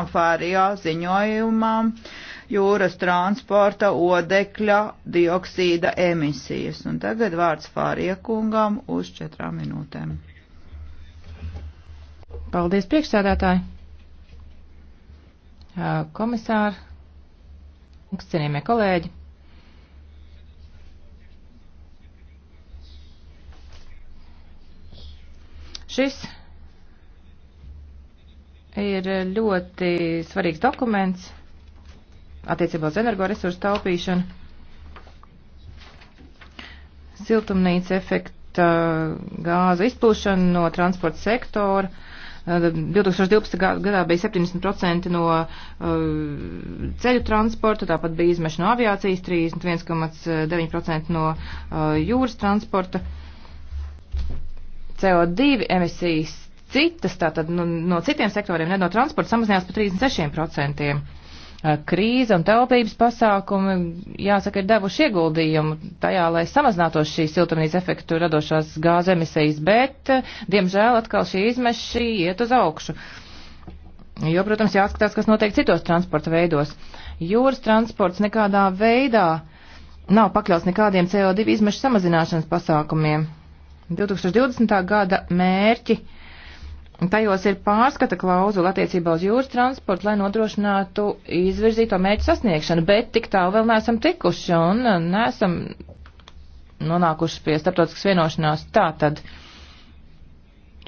Amfārijā ziņojumam jūras transporta odekļa dioksīda emisijas. Un tagad vārds Fāriekungam uz četrām minūtēm. Paldies priekšsēdētāji. Komisāri, cienījamie kolēģi. Šis ir ļoti svarīgs dokuments attiecībā uz energoresursu taupīšanu. Siltumnīca efekta uh, gāzu izplūšana no transporta sektora. 2012. Uh, gadā bija 70% no uh, ceļu transporta, tāpat bija izmeša no aviācijas, 31,9% no uh, jūras transporta. CO2 emisijas citas, tātad nu, no citiem sektoriem, ne no transporta, samazinājās par 36%. Eh, krīze un taupības pasākumi, jāsaka, ir devuši ieguldījumu tajā, lai samazinātos šī siltumnīca efektu radošās gāzes emisijas, bet, eh, diemžēl, atkal šī izmeša iet uz augšu. Jo, protams, jāskatās, kas notiek citos transporta veidos. Jūras transports nekādā veidā nav pakļauts nekādiem CO2 izmešu samazināšanas pasākumiem. 2020. gada mērķi uh, Tajos ir pārskata klauzula attiecībā uz jūras transportu, lai nodrošinātu izvirzīto mērķu sasniegšanu, bet tik tālu vēl neesam tikuši un neesam nonākuši pie starptautiskas vienošanās. Tā tad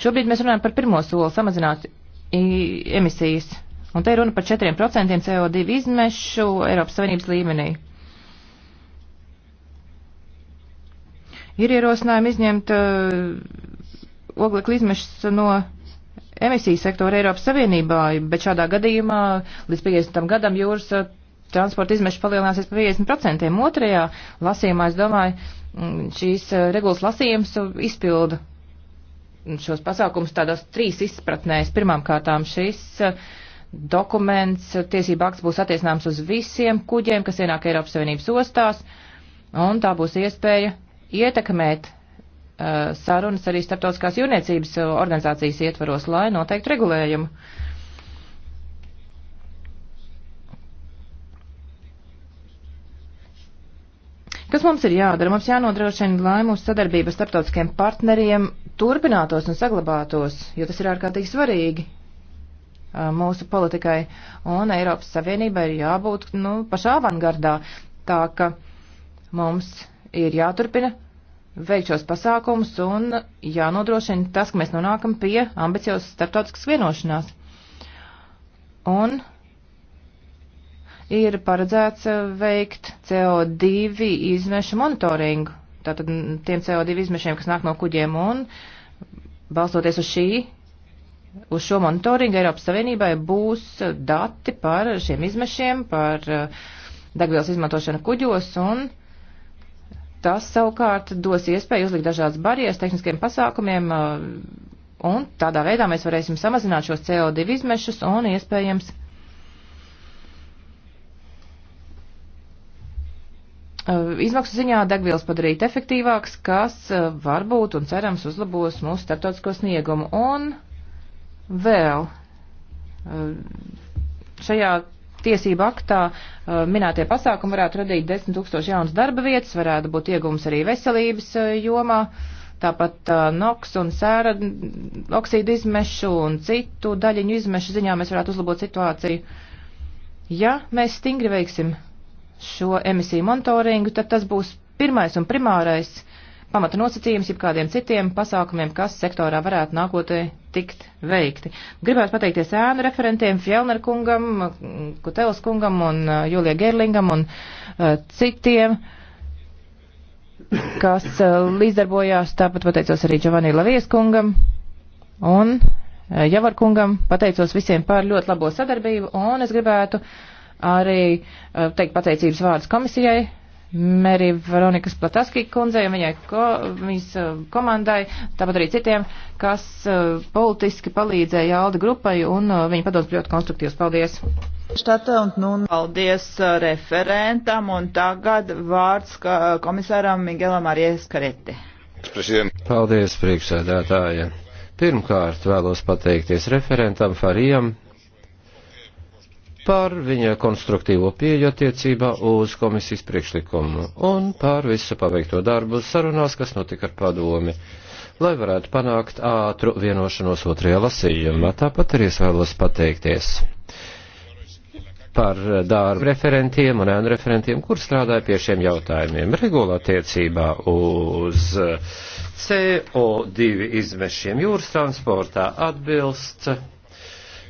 šobrīd mēs runājam par pirmo soli samazināt emisijas, un te ir runa par 4% CO2 izmešu Eiropas Savienības līmenī. Ir ierosinājumi izņemt uh, eh, oglekli izmešas no emisiju sektoru Eiropas Savienībā, bet šādā gadījumā līdz 50. gadam jūras eh, transporta izmeši palielināsies par 50%. Otrajā lasījumā, es domāju, mm, šīs eh, regulas lasījums izpilda šos pasākumus tādās trīs izpratnēs. Pirmkārtām šis eh, dokuments, tiesība akts būs attiecināms uz visiem kuģiem, kas ienāk Eiropas Savienības ostās, un tā būs iespēja ietekmēt Uh, sarunas arī starptautiskās jūrniecības organizācijas ietvaros, lai noteiktu regulējumu. Kas mums ir jādara? Mums jānodrošina, lai mūsu sadarbība starptautiskiem partneriem turpinātos un saglabātos, jo tas ir ārkārtīgi svarīgi uh, mūsu politikai, un Eiropas Savienībai ir jābūt nu, pašā avangardā. Tā ka mums ir jāturpina veikt šos pasākumus un jānodrošina tas, ka mēs nonākam pie ambiciozas starptautiskas vienošanās. Un ir paredzēts eh, veikt CO2 izmešu monitoringu, tātad tiem CO2 izmešiem, kas nāk no kuģiem un balstoties uz šī. Uz šo monitoringu Eiropas Savienībai būs dati par šiem izmešiem, par eh, degvielas izmantošanu kuģos un uh, Tas savukārt dos iespēju uzlikt dažādas barjeras tehniskiem pasākumiem, uh, un tādā veidā mēs varēsim samazināt šos CO2 izmešus un iespējams uh, izmaksu ziņā degvielas padarīt efektīvāks, kas uh, varbūt un cerams uzlabos mūsu starptautisko sniegumu. Un vēl šajā tiesību aktā eh, minētie pasākumi varētu radīt 10 tūkstoši jaunas darba vietas, varētu būt iegums arī veselības eh, jomā, tāpat eh, NOX un sēra oksīdu izmešu un citu daļiņu izmešu ziņā mēs varētu uzlabot situāciju. Ja mēs stingri veiksim šo emisiju monitoringu, tad tas būs pirmais un primārais pamata nosacījums jebkādiem citiem pasākumiem, kas sektorā varētu nākotnē tikt veikti. Gribētu pateikties ēnu referentiem Fjellner kungam, Kutelas kungam un uh, Julija Gerlingam un uh, citiem kas uh, līdzdarbojās, tāpat pateicos arī Giovanni Lavies kungam un uh, Javar kungam, pateicos visiem par ļoti labo sadarbību, un es gribētu arī uh, teikt pateicības vārdus komisijai, Meri Veronikas Plataskī kundzei un viņai ko, viņas uh, komandai, tāpat arī citiem, kas uh, politiski palīdzēja Alda grupai un uh, viņa padoms ļoti konstruktīvs. Paldies! Štata un nu paldies referentam un tagad vārds komisāram Miguelam Arijas Kareti. Paldies priekšsēdētāja. Pirmkārt vēlos pateikties referentam Farijam par viņa konstruktīvo pieeju attiecībā uz komisijas priekšlikumu un par visu paveikto darbu sarunās, kas notika ar padomi, lai varētu panākt ātru vienošanos otrajā lasījumā. Tāpat arī es vēlos pateikties par darbu referentiem un ēnu referentiem, kur strādāja pie šiem jautājumiem. Regula attiecībā uz CO2 izmešiem jūras transportā atbilst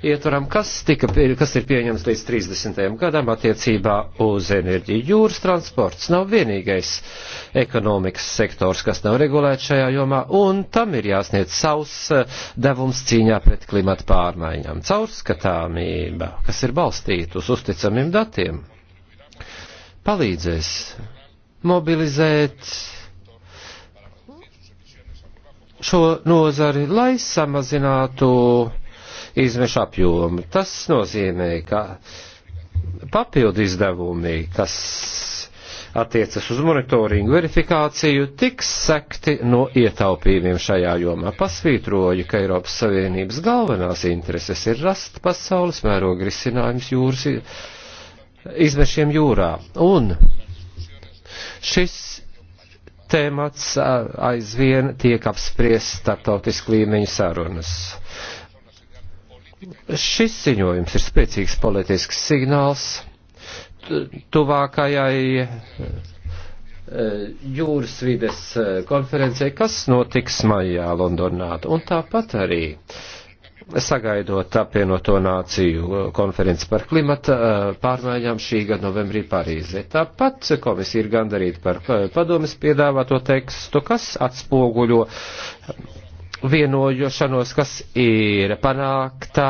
ietvaram, kas, tika, kas ir pieņems līdz 30. gadam attiecībā uz enerģiju. Jūras transports nav vienīgais ekonomikas sektors, kas nav regulēts šajā jomā, un tam ir jāsniedz savs eh, devums cīņā pret klimata pārmaiņām. Caurskatāmība, kas ir balstīta uz uzticamiem datiem, palīdzēs mobilizēt šo nozari, lai samazinātu izmešu apjomu. Tas nozīmē, ka papildu izdevumi, kas attiecas uz monitoringu verifikāciju, tiks sekti no ietaupījumiem šajā jomā. Pasvītroju, ka Eiropas Savienības galvenās intereses ir rast pasaules mēroga risinājums jūras izmešiem jūrā. Un šis tēmats aizvien tiek apspriest starptautisku līmeņu sarunas. Šis ziņojums ir spēcīgs politisks signāls tuvākajai eh, jūras vides eh, konferencei, kas notiks maijā Londonā. Un tāpat arī sagaidot apvienoto nāciju eh, konferenci par klimata pārmaiņām šī gada novembrī Parīzē. Tāpat komisija ir gandarīta par padomis piedāvāto tekstu, kas atspoguļo vienojošanos, kas ir panākta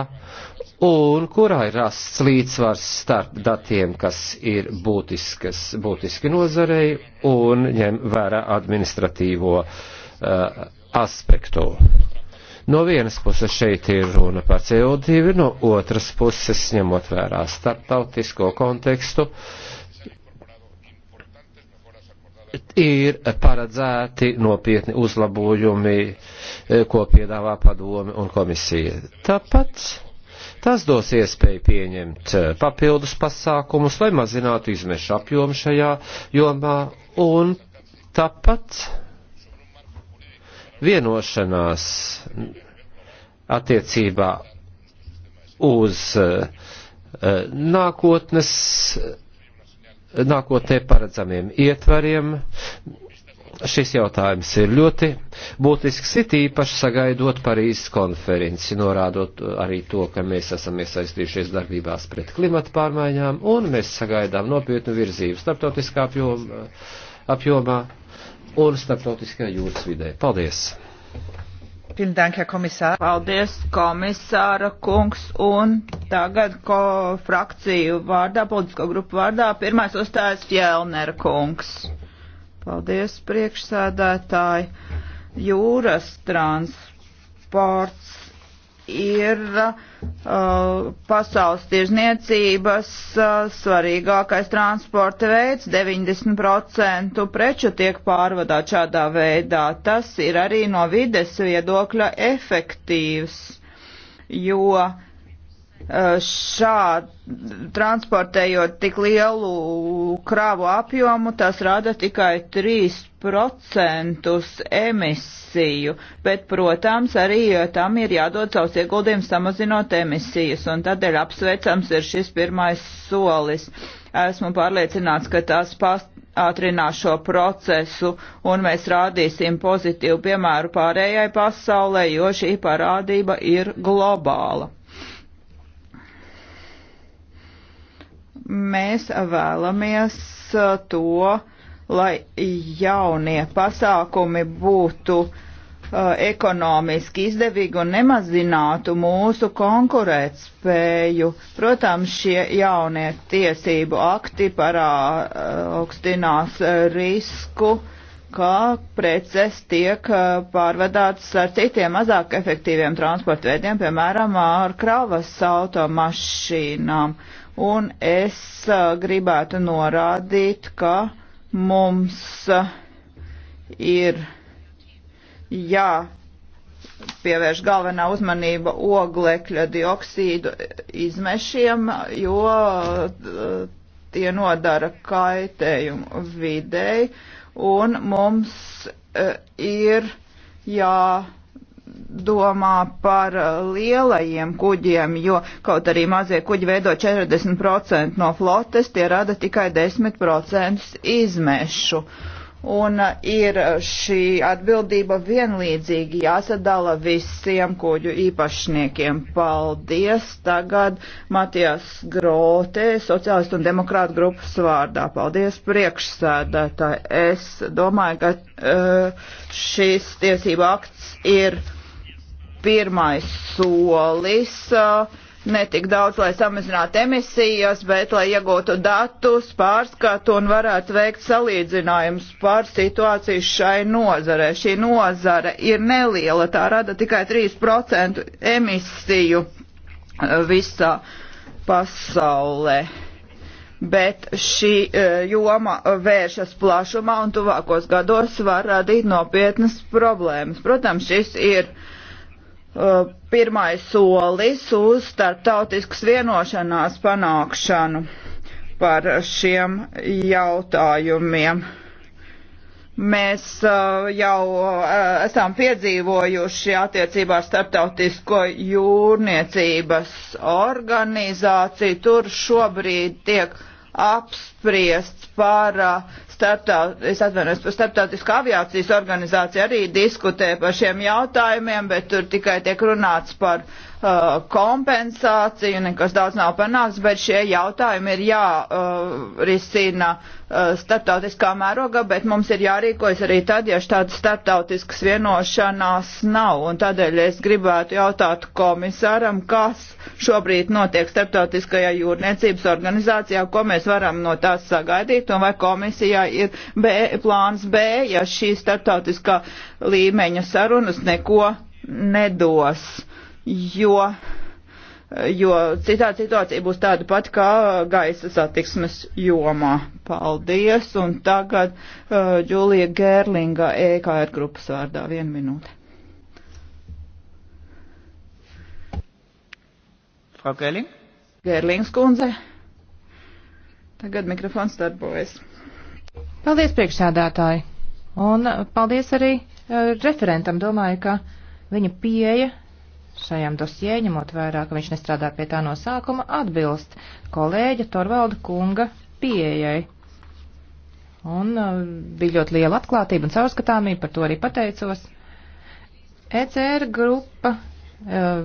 un kurā ir rasts līdzsvars starp datiem, kas ir būtiskas, būtiski nozarei un ņem vērā administratīvo uh, aspektu. No vienas puses šeit ir runa par CO2, no otras puses ņemot vērā starptautisko kontekstu, uh, ir paredzēti nopietni uzlabojumi, eh, ko piedāvā padome un komisija. Tāpat tas dos iespēju pieņemt eh, papildus pasākumus, lai mazinātu izmešu apjomu šajā jomā un tāpat vienošanās attiecībā uz eh, nākotnes nākotnē paredzamiem ietvariem. Šis jautājums ir ļoti būtisks, it īpaši sagaidot Parīzes konferenci, norādot arī to, ka mēs esam iesaistījušies darbībās pret klimata pārmaiņām un mēs sagaidām nopietnu virzību starptautiskā apjomā, apjomā un starptautiskajā jūras vidē. Paldies! Paldies, komisāra kungs, un tagad ko frakciju vārdā, politisko grupu vārdā, pirmais uzstājas Fjellner kungs. Paldies, priekšsēdētāji. Jūras transports ir Uh, pasaules tirzniecības uh, svarīgākais transporta veids, 90% preču tiek pārvadāt šādā veidā. Tas ir arī no vides viedokļa efektīvs, jo Eh, šādi transportējot tik lielu kravu apjomu, tas rada tikai 3% emisiju, bet, protams, arī eh, tam ir jādod savus ieguldījumus samazinot emisijas, un tādēļ apsveicams ir šis pirmais solis. Esmu pārliecināts, ka tas ātrinās šo procesu, un mēs rādīsim pozitīvu piemēru pārējai pasaulē, jo šī parādība ir globāla. mēs vēlamies uh, to, lai jaunie pasākumi būtu uh, ekonomiski izdevīgi un nemazinātu mūsu konkurētspēju. Protams, šie jaunie tiesību akti paraugstinās uh, risku, ka preces tiek pārvadātas ar citiem mazāk efektīviem transporta veidiem, piemēram, ar kravas automašīnām un es gribētu norādīt, ka mums ir jāpievērš galvenā uzmanība oglekļa dioksīdu izmešiem, jo tie nodara kaitējumu videi, un mums ir jā jādomā par uh, lielajiem kuģiem, jo kaut arī mazie kuģi veido 40% no flotes, tie rada tikai 10% izmešu. Un uh, ir uh, šī atbildība vienlīdzīgi jāsadala visiem kuģu īpašniekiem. Paldies! Tagad Matijas Grote, sociālistu un demokrātu grupas vārdā. Paldies priekšsēdētāji. Es domāju, ka šis tiesība akts ir pirmais solis. Uh, ne tik daudz, lai samazinātu emisijas, bet lai iegūtu datus, pārskatu un varētu veikt salīdzinājumus par situāciju šai nozarē. Šī nozare ir neliela, tā rada tikai 3% emisiju uh, visā pasaulē. Bet šī uh, joma vēršas plašumā un tuvākos gados var radīt nopietnas problēmas. Protams, šis ir uh, Uh, pirmais solis uz starptautiskas vienošanās panākšanu par šiem jautājumiem. Mēs uh, jau uh, esam piedzīvojuši attiecībā ar starptautisko jūrniecības organizāciju. Tur šobrīd tiek apspriests par uh, starptaut, es atvainojos, starptautiskā aviācijas organizācija arī diskutē par šiem jautājumiem, bet tur tikai tiek runāts par uh, Uh, kompensāciju, nekas daudz nav panāks, bet šie jautājumi ir jārisina uh, uh, starptautiskā mēroga, bet mums ir jārīkojas arī tad, ja šādas starptautiskas vienošanās nav. Un tādēļ es gribētu jautāt komisāram, kas šobrīd notiek starptautiskajā jūrniecības organizācijā, ko mēs varam no tās sagaidīt, un vai komisijā ir B, plāns B, ja šī starptautiskā līmeņa sarunas neko nedos. Uh, jo, jo citādi situācija būs tāda pat kā uh, gaisa satiksmes jomā. Paldies, un tagad uh, Džulija Gērlinga EKR grupas vārdā vienu minūti. Frau Gerling? Gerlings kundze. Tagad mikrofons darbojas. Paldies priekšsādātāji. Un uh, paldies arī uh, referentam. Domāju, ka viņa pieeja šajam dosjē, ņemot vērā, ka viņš nestrādā pie tā no sākuma, atbilst kolēģa Torvalda kunga pieejai. Un uh, bija ļoti liela atklātība un caurskatāmība, par to arī pateicos. ECR grupa uh,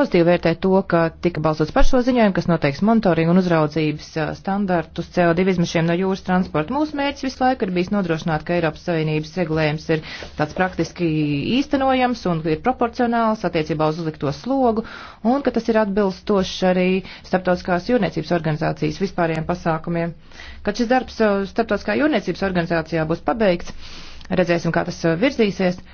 Pozitīvi vērtē to, ka tika balsots par šo ziņojumu, kas noteiks monitoringu un uzraudzības standartus CO2 izmešiem no jūras transporta. Mūsu mērķis visu laiku ir bijis nodrošināt, ka Eiropas Savienības regulējums ir tāds praktiski īstenojams un ir proporcionāls attiecībā uz uzlikto slogu un ka tas ir atbilstošs arī starptautiskās jūrniecības organizācijas vispārējiem pasākumiem. Kad šis darbs starptautiskā jūrniecības organizācijā būs pabeigts, redzēsim, kā tas virzīsies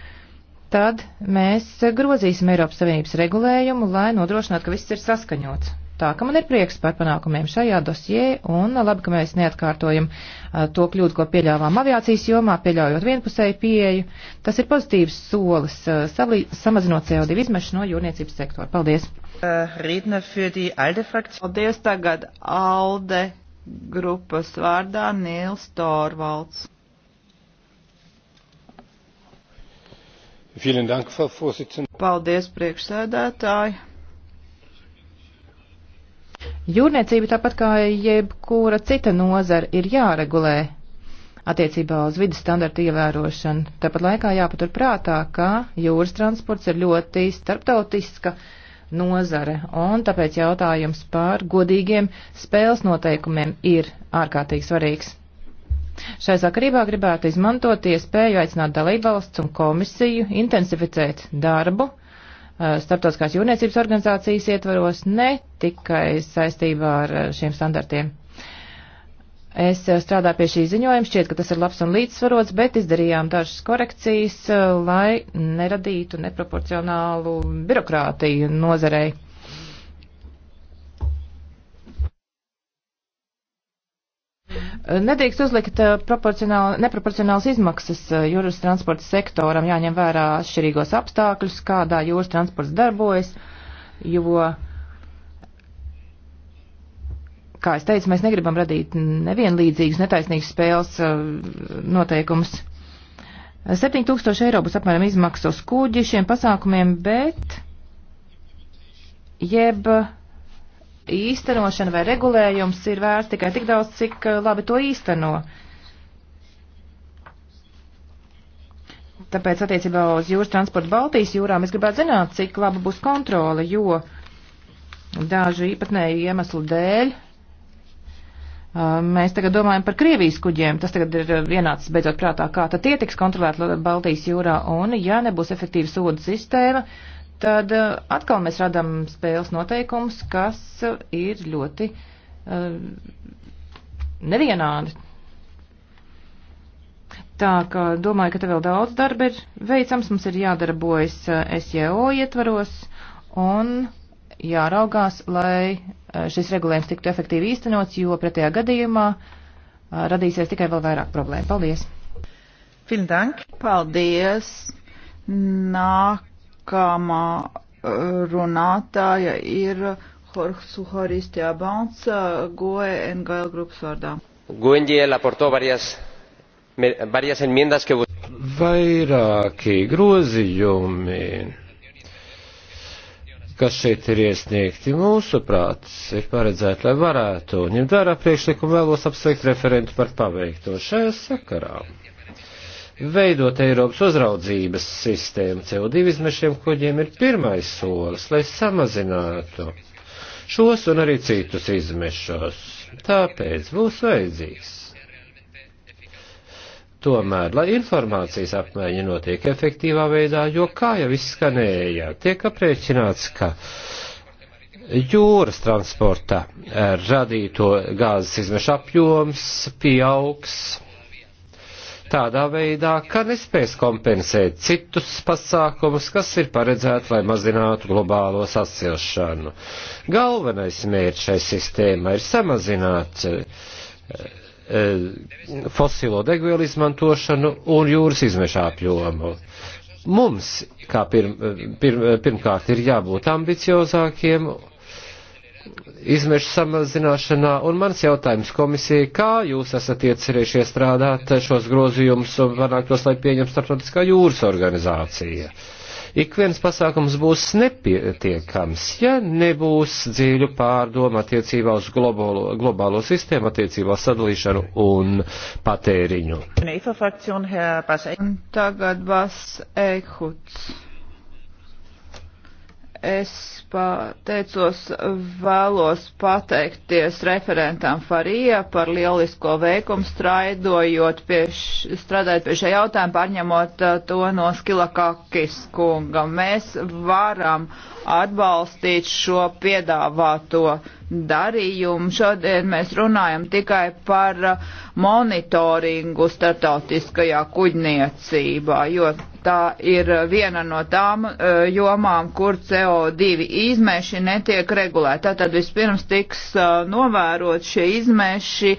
tad mēs grozīsim Eiropas Savienības regulējumu, lai nodrošinātu, ka viss ir saskaņots. Tā ka man ir prieks par panākumiem šajā dosjē un labi, ka mēs neatkārtojam to kļūdu, ko pieļāvām aviācijas jomā, pieļaujot vienpusēju pieeju. Tas ir pozitīvs solis, salī, samazinot CO2 izmešu no jūrniecības sektora. Paldies! Paldies tagad Alde grupas vārdā Nils Torvalds. Paldies, priekšsēdētāji! Jūrniecība, tāpat kā jebkura cita nozara, ir jāregulē attiecībā uz vidas standartu ievērošanu. Tāpat laikā jāpatur prātā, ka jūras transports ir ļoti starptautiska nozare, un tāpēc jautājums par godīgiem spēles noteikumiem ir ārkārtīgi svarīgs. Šai sakarībā gribētu izmantot iespēju aicināt dalībvalsts un komisiju intensificēt darbu eh, starptautiskās jūrniecības organizācijas ietvaros ne tikai saistībā ar eh, šiem standartiem. Es eh, strādāju pie šī ziņojuma, šķiet, ka tas ir labs un līdzsvarots, bet izdarījām dažas korekcijas, lai neradītu neproporcionālu birokrātiju nozarei. Nedrīkst uzlikt eh, neproporcionāls izmaksas eh, jūras transporta sektoram, jāņem vērā atšķirīgos apstākļus, kādā jūras transports darbojas, jo, kā es teicu, mēs negribam radīt nevienlīdzīgus, netaisnīgus spēles eh, noteikumus. 7000 eiro būs apmēram izmaksas uz kuģi šiem pasākumiem, bet jeb. Uh, īstenošana vai regulējums ir vērts tikai tik daudz, cik eh, labi to īsteno. Tāpēc attiecībā uz jūras transportu Baltijas jūrām es gribētu zināt, cik laba būs kontrole, jo dažu īpatnēju iemeslu dēļ eh, mēs tagad domājam par Krievijas kuģiem. Tas tagad ir vienācis eh, beidzot prātā, kā tad tie tiks kontrolēti Baltijas jūrā, un ja nebūs efektīva sodu sistēma, uh, tad eh, atkal mēs radām spēles noteikumus, kas eh, ir ļoti uh, nevienādi. Tā ka domāju, ka te vēl daudz darba ir veicams, mums ir jādarbojas SJO ietvaros un jāraugās, lai šis regulējums tiktu efektīvi īstenots, jo pretējā gadījumā radīsies tikai vēl vairāk problēmu. Paldies! Paldies! Nāk nākamā uh, runātāja ir Horiste Abants, uh, GOE NGL grupas vārdā. Guengie aportó varias, varias enmiendas que Vairāki grozījumi, kas šeit ir iesniegti mūsu prāts, ir paredzēti, lai varētu ņemt vērā priekšlikumu vēlos apsveikt referentu par paveikto šajā sakarā. Veidot Eiropas uzraudzības sistēmu CO2 izmešiem kuģiem ir pirmais solis, lai samazinātu šos un arī citus izmešos. Tāpēc būs vajadzīgs. Tomēr, lai informācijas apmaiņa notiek efektīvā veidā, jo, kā jau izskanēja, tiek aprēķināts, ka jūras transporta radīto gāzes izmešu apjoms pieaugs tādā veidā, ka nespēs kompensēt citus pasākumus, kas ir paredzēti, lai mazinātu globālo sasilšanu. Galvenais mērķis šai sistēmai ir samazināt eh, eh, fosilo degvielu izmantošanu un jūras izmešu apjomu. Mums, kā pirm, eh, pirm, pirmkārt, ir jābūt ambiciozākiem izmešu samazināšanā, un mans jautājums komisijai, kā jūs esat iecerējušies strādāt šos grozījumus un panākt tos, lai pieņem starptautiskā jūras organizācija? Ik viens pasākums būs nepietiekams, ja nebūs dziļu pārdomu attiecībā uz globālo, globālo sistēmu, attiecībā sadalīšanu un patēriņu. E- tagad Bas Eihuts. Es pateicos, vēlos pateikties referentam Farija par lielisko veikumu straidojot pie, š, strādājot pie šā jautājuma, pārņemot uh, to no Skilakakis kunga. Mēs varam atbalstīt šo piedāvāto darījumu. Šodien mēs runājam tikai par uh, monitoringu starptautiskajā kuģniecībā, jo tā ir viena no tām uh, jomām, kur CO2 izmeši netiek regulēti. Tātad vispirms tiks uh, novērot šie izmeši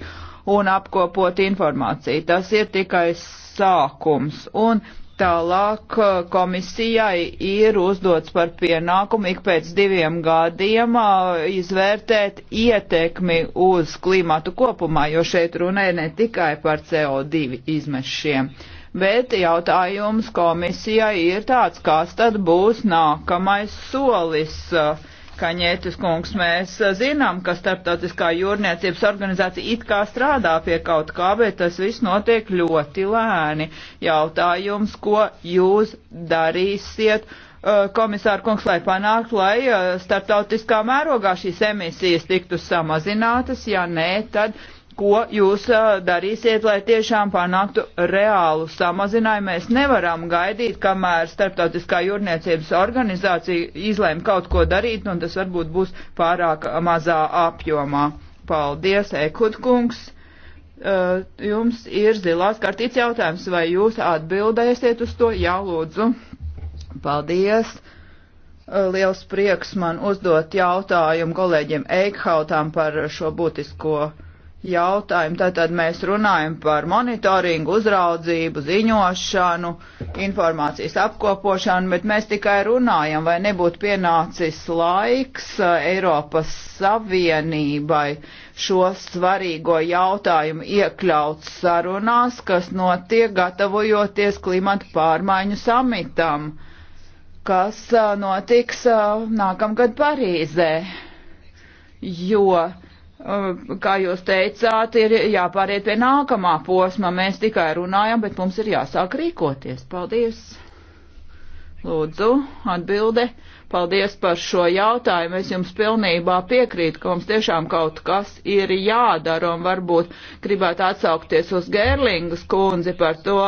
un apkopot informāciju. Tas ir tikai sākums. Un tālāk uh, komisijai ir uzdots par pienākumu ik pēc diviem gadiem izvērtēt ietekmi uz klimatu kopumā, jo šeit runa ir ne tikai par CO2 izmešiem. Uh, bet jautājums komisijai ir tāds, kas tad būs nākamais solis. Kaņētis kungs, mēs zinām, ka starptautiskā jūrniecības organizācija it kā strādā pie kaut kā, bet tas viss notiek ļoti lēni. Jautājums, ko jūs darīsiet? komisāra kungs, lai panāktu, lai starptautiskā mērogā šīs emisijas tiktu samazinātas, ja nē, tad ko jūs darīsiet, lai tiešām panāktu reālu samazinājumu. Mēs nevaram gaidīt, kamēr Startautiskā jūrniecības organizācija izlēma kaut ko darīt, un tas varbūt būs pārāk mazā apjomā. Paldies, Ekutkungs! Jums ir zilās kartīts jautājums, vai jūs atbildēsiet uz to? Jā, lūdzu. Paldies! Liels prieks man uzdot jautājumu kolēģiem Eikhautam par šo būtisko jautājumu jautājumu. Tātad mēs runājam par monitoringu, uzraudzību, ziņošanu, informācijas apkopošanu, bet mēs tikai runājam, vai nebūtu pienācis laiks eh, Eiropas Savienībai šo svarīgo jautājumu iekļaut sarunās, kas notiek gatavojoties klimatu pārmaiņu samitam, kas eh, notiks eh, nākamgad Parīzē. Jo Uh, kā jūs teicāt, ir jāpāriet pie nākamā posma. Mēs tikai runājam, bet mums ir jāsāk rīkoties. Paldies! Lūdzu, atbilde. Paldies par šo jautājumu. Es jums pilnībā piekrītu, ka mums tiešām kaut kas ir jādara un varbūt gribētu atsaukties uz Gērlingas kundzi par to,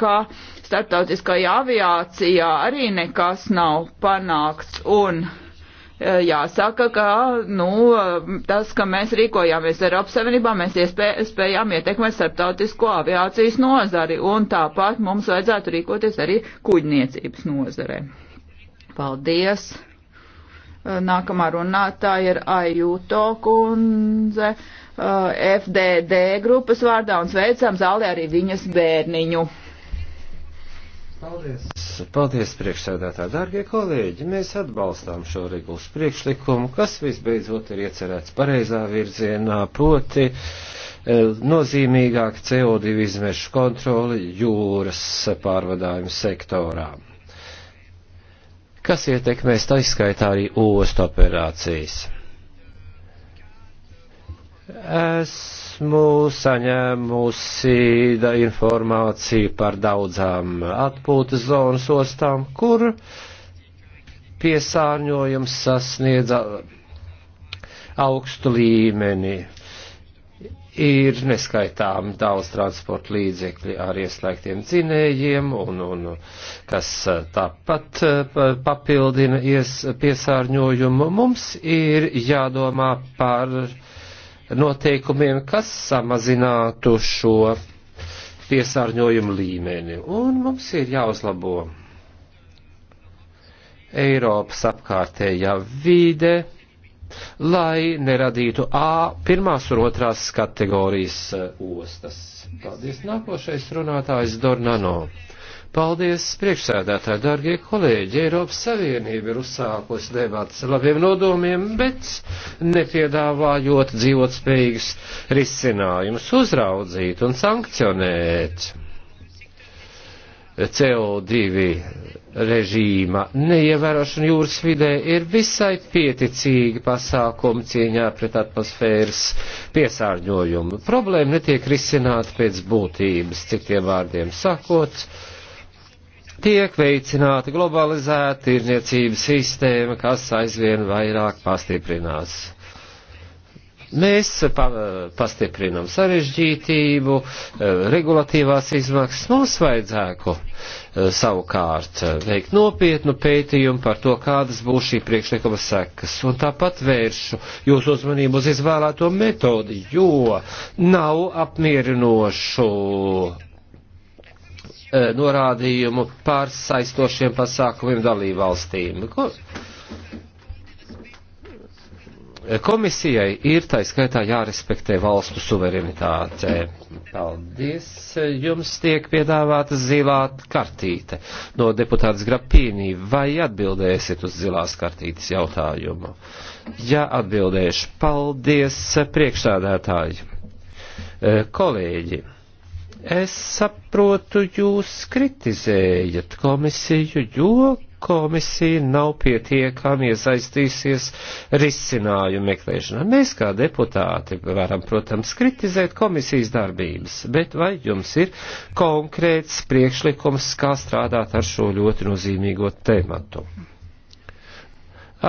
ka starptautiskajā aviācijā arī nekas nav panākts un Eh, jāsaka, ka nu, tas, ka mēs rīkojāmies Eiropas Savienībā, mēs spējām ietekmēt starptautisko aviācijas nozari, un tāpat mums vajadzētu rīkoties arī kuģniecības nozarē. Paldies! Eh, nākamā runātāja ir Ajūto kundze, eh, FDD grupas vārdā, un sveicam zālē arī viņas bērniņu. Paldies. Paldies, priekšsēdētā. Dārgie kolēģi, mēs atbalstām šo regulas priekšlikumu, kas visbeidzot ir iecerēts pareizā virzienā, proti e, nozīmīgāk CO2 izmešu kontroli jūras pārvadājumu sektorā kas ietekmēs taiskaitā arī ostu operācijas. Es esmu saņēmusi informāciju par daudzām atpūtas zonas ostām, kur piesārņojums sasniedza augstu līmeni. Ir neskaitām daudz transporta līdzekļi ar ieslēgtiem dzinējiem, un, un kas tāpat eh, papildina ies, piesārņojumu. Mums ir jādomā par uh, noteikumiem, kas samazinātu šo piesārņojumu līmeni. Un mums ir jāuzlabo Eiropas apkārtējā vide, lai neradītu A pirmās un otrās kategorijas e, ostas. Paldies. Nākošais runātājs Dornano. Paldies, priekšsēdētāji, dārgie kolēģi. Eiropas Savienība ir uzsākusi debats labiem nodomiem, bet nepiedāvājot dzīvot spējīgus risinājumus, uzraudzīt un sankcionēt CO2 režīma neievērošana jūras vidē ir visai pieticīgi pasākumi cieņā pret atmosfēras piesārņojumu. Problēma netiek risināta pēc būtības, citiem vārdiem sakot tiek veicināta globalizēta tirniecības sistēma, kas aizvien vairāk pastiprinās. Mēs pa, pastiprinam sarežģītību, eh, regulatīvās izmaksas. Mums vajadzētu eh, savukārt eh, veikt nopietnu pētījumu par to, kādas būs šī priekšlikuma sekas. Un tāpat vēršu jūsu uzmanību uz izvēlēto metodi, jo nav apmierinošu E, norādījumu pār saistošiem pasākumiem dalībvalstīm. Ko? Komisijai ir tā skaitā jārespektē valstu suverenitāte. Paldies. Jums tiek piedāvāta zilā kartīte no deputātas Grapīnī. Vai atbildēsiet uz zilās kartītes jautājumu? Ja atbildēšu, paldies priekšsādātāji. E, kolēģi. Es saprotu, jūs kritizējat komisiju, jo komisija nav pietiekami iesaistīsies risinājumu meklēšanā. Mēs kā deputāti varam, protams, kritizēt komisijas darbības, bet vai jums ir konkrēts priekšlikums, kā strādāt ar šo ļoti nozīmīgo tematu?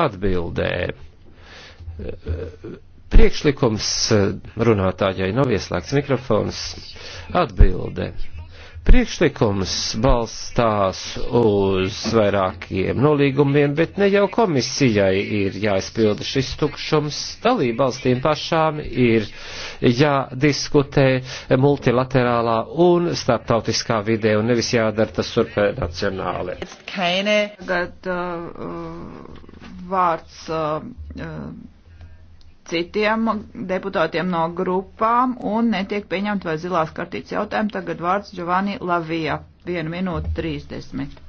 Atbildē Priekšlikums eh, runātājai nav ieslēgts mikrofons. Atbilde. Priekšlikums balstās uz vairākiem nolīgumiem, bet ne jau komisijai ir jāizpilda šis tukšums. Dalība valstīm pašām ir jādiskutē multilaterālā un starptautiskā vidē un nevis jādara tas surpēnacionāli. Tagad uh, vārds. Uh, uh citiem deputātiem no grupām un netiek pieņemt vai zilās kartītes jautājumu. Tagad vārds Giovanni Lavija. 1 minūte 30.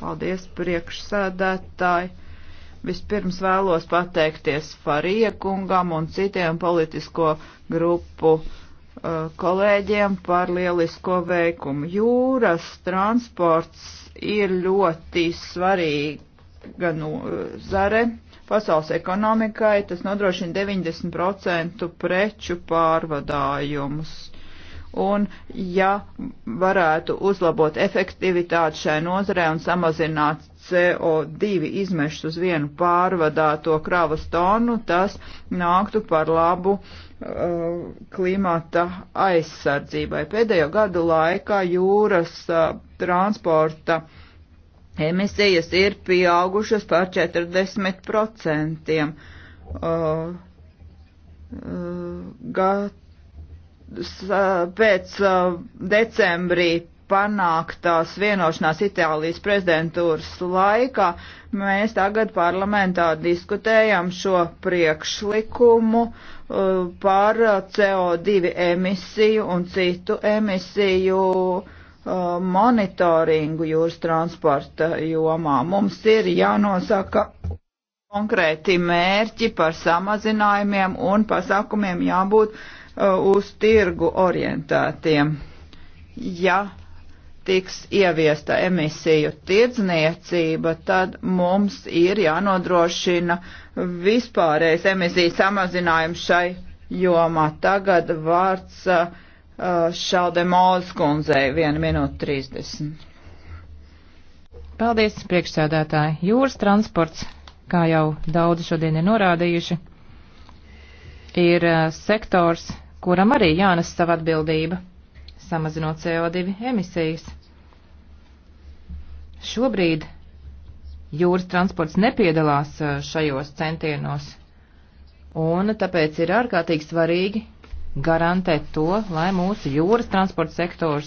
Paldies priekšsēdētāji. Vispirms vēlos pateikties Farija kungam un citiem politisko grupu uh, kolēģiem par lielisko veikumu. Jūras transports ir ļoti svarīga nu, zare pasaules ekonomikai, tas nodrošina 90% preču pārvadājumus. Un, ja varētu uzlabot efektivitāti šai nozarē un samazināt CO2 izmešus uz vienu pārvadāto kravas tonu, tas nāktu par labu uh, klimata aizsardzībai. Pēdējo gadu laikā jūras uh, transporta uh, emisijas ir pieaugušas par 40%. Uh, uh, pēc uh, decembrī panāktās vienošanās Itālijas prezidentūras laikā mēs tagad parlamentā diskutējam šo priekšlikumu uh, par CO2 emisiju un citu emisiju uh, Uh, monitoringu jūras transporta jomā. Mums ir jānosaka konkrēti mērķi par samazinājumiem un pasākumiem jābūt uh, uz tirgu orientētiem. Ja tiks ieviesta emisiju tirdzniecība, tad mums ir jānodrošina vispārējais emisiju samazinājums šai jomā. Tagad vārds uh, Uh, Šaude Mūzes kundzei 1 minūte 30. Paldies, priekšsēdētāji. Jūras transports, kā jau daudzi šodien ir norādījuši, ir uh, sektors, kuram arī jānes sava atbildība, samazinot CO2 emisijas. Šobrīd jūras transports nepiedalās uh, šajos centienos, un tāpēc ir ārkārtīgi svarīgi garantēt to, lai mūsu jūras transporta sektors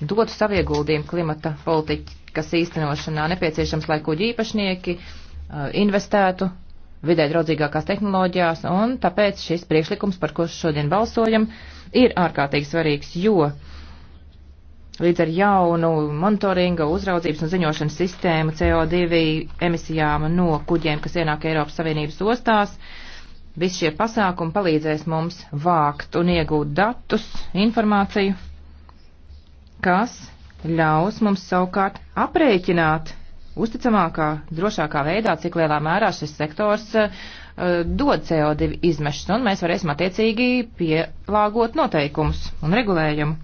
dotu savu ieguldījumu klimata politikas īstenošanā. Nepieciešams, lai kuģi īpašnieki uh, investētu vidē draudzīgākās tehnoloģijās, un tāpēc šis priekšlikums, par ko šodien balsojam, ir ārkārtīgi svarīgs, jo līdz ar jaunu monitoringa, uzraudzības un ziņošanas sistēmu CO2 emisijām no kuģiem, kas ienāk Eiropas Savienības ostās, uh, Visi šie pasākumi palīdzēs mums vākt un iegūt datus, informāciju, kas ļaus mums savukārt aprēķināt uzticamākā, drošākā veidā, cik lielā mērā šis sektors uh, dod CO2 izmešas, un mēs varēsim attiecīgi pielāgot noteikumus un regulējumu.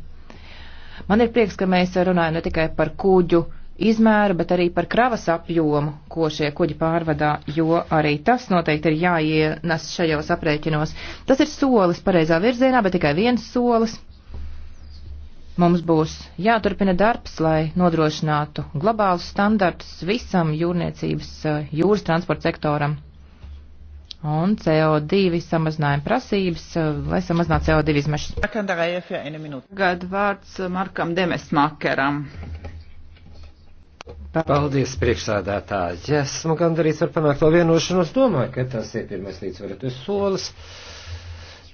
Man ir prieks, ka mēs runājam ne tikai par kūģu izmēru, bet arī par kravas apjomu, ko šie kuģi pārvadā, jo arī tas noteikti ir jāienes šajos aprēķinos. Tas ir solis pareizā virzienā, bet tikai viens solis. Mums būs jāturpina darbs, lai nodrošinātu globālus standartus visam jūrniecības eh, jūras transporta sektoram. Un CO2 samazinājuma prasības, eh, lai samazinātu CO2 izmešas. Gad vārds Markam Demesmakeram. Paldies, priekšsādātāji. Esmu gandrīz var panākt to vienošanos. Domāju, ka tas ir pirmais līdzvarētais solis.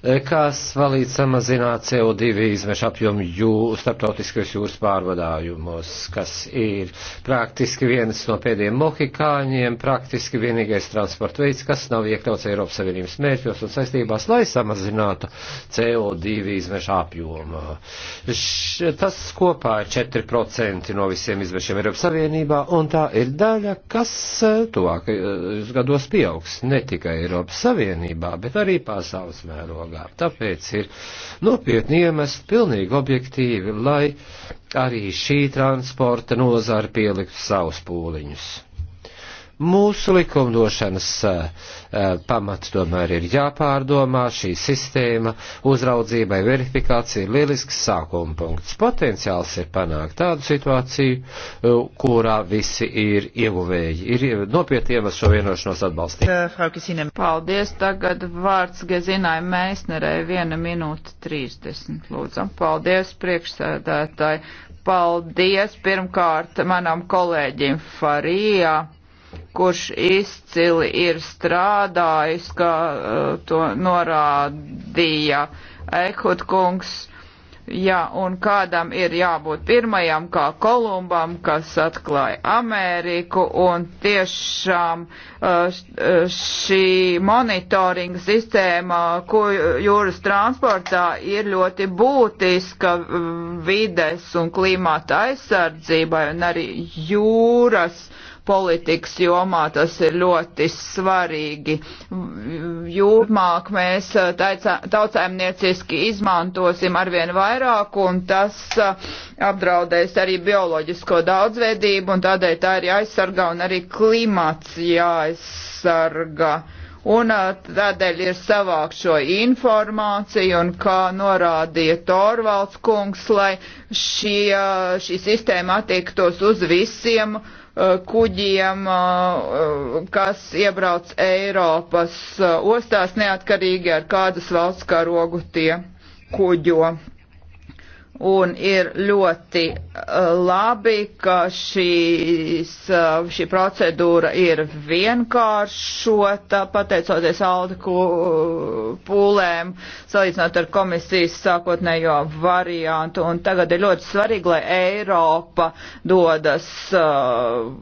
Eh, kas palīdz samazināt CO2 izmešu apjomu jū, starptautiskajos jūras pārvadājumos, kas ir praktiski viens no pēdējiem mohikāņiem, praktiski vienīgais transporta veids, kas nav iekļauts Eiropas Savienības mērķos un saistībās, lai samazinātu CO2 izmešu apjomu. Š, tas kopā ir 4% no visiem izmešiem Eiropas Savienībā, un tā ir daļa, kas eh, tuvākajos gados pieaugs ne tikai Eiropas Savienībā, bet arī pasaules mērogā dialogā. Tāpēc ir nopietni iemest pilnīgi objektīvi, lai arī šī transporta nozara pieliktu savus pūliņus. Mūsu likumdošanas eh, eh, pamats tomēr ir jāpārdomā, šī sistēma uzraudzībai verifikācija ir lielisks sākuma punkts. Potenciāls ir panākt tādu situāciju, eh, kurā visi ir ieguvēji, ir nopietni iemesli šo vienošanos atbalstīt. Paldies, tagad vārds Gezinai Meisnerei, 1 minūte 30, lūdzam. Paldies, priekšsēdētāji. Paldies pirmkārt manam kolēģim Farijā kurš izcili ir strādājis, kā uh, eh, to norādīja Ehud kungs. Jā, un kādam ir jābūt pirmajam, kā Kolumbam, kas atklāja Ameriku, un tiešām eh, eh, šī monitoringa sistēma, ko jūras transportā ir ļoti būtiska vides un klimata aizsardzībai, un arī jūras politikas jomā tas ir ļoti svarīgi. Jūmāk mēs uh, tautsēmnieciski izmantosim arvien vairāk un tas uh, apdraudēs arī bioloģisko daudzveidību un tādēļ tā ir jāaizsargā un arī klimats jāaizsarga un uh, tādēļ ir savākt šo informāciju un kā norādīja Torvalds kungs, lai šie, šī sistēma attiektos uz visiem uh, Eh, kuģiem, eh, eh, kas iebrauc Eiropas ostās, neatkarīgi ar kādas valsts karogu tie kuģo. Un ir ļoti eh, labi, ka šīs, eh, šī procedūra ir vienkāršota, pateicoties Alda eh, pūlēm, salīdzinot ar komisijas sākotnējo variantu. Un tagad ir ļoti svarīgi, lai Eiropa dodas uh,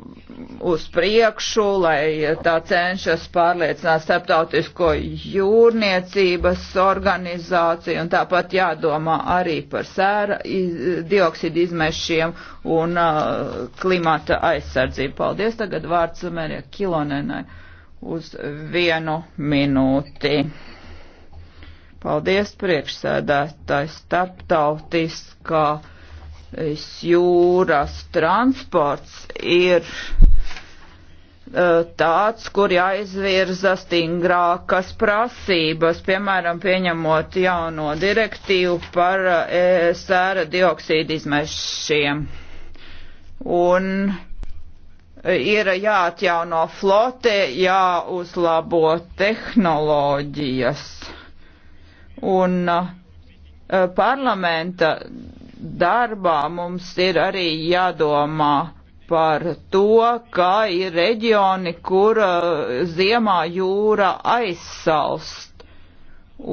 uz priekšu, lai tā cenšas pārliecināt starptautisko jūrniecības organizāciju un tāpat jādomā arī par sēdu par dioksidu izmešiem un uh, klimata aizsardzību. Paldies, tagad vārds Mērija Kilonenai uz vienu minūti. Paldies, priekšsēdētājs, starptautiskā jūras transports ir Eh, tāds, kur jāizvirza stingrākas prasības, piemēram, pieņemot jauno direktīvu par e, sēra dioksīdu izmešiem. Un eh, ir jāatjauno flote, jāuzlabo tehnoloģijas. Un parlamenta darbā mums ir arī jādomā, par to, ka ir reģioni, kur eh, ziemā jūra aizsalst.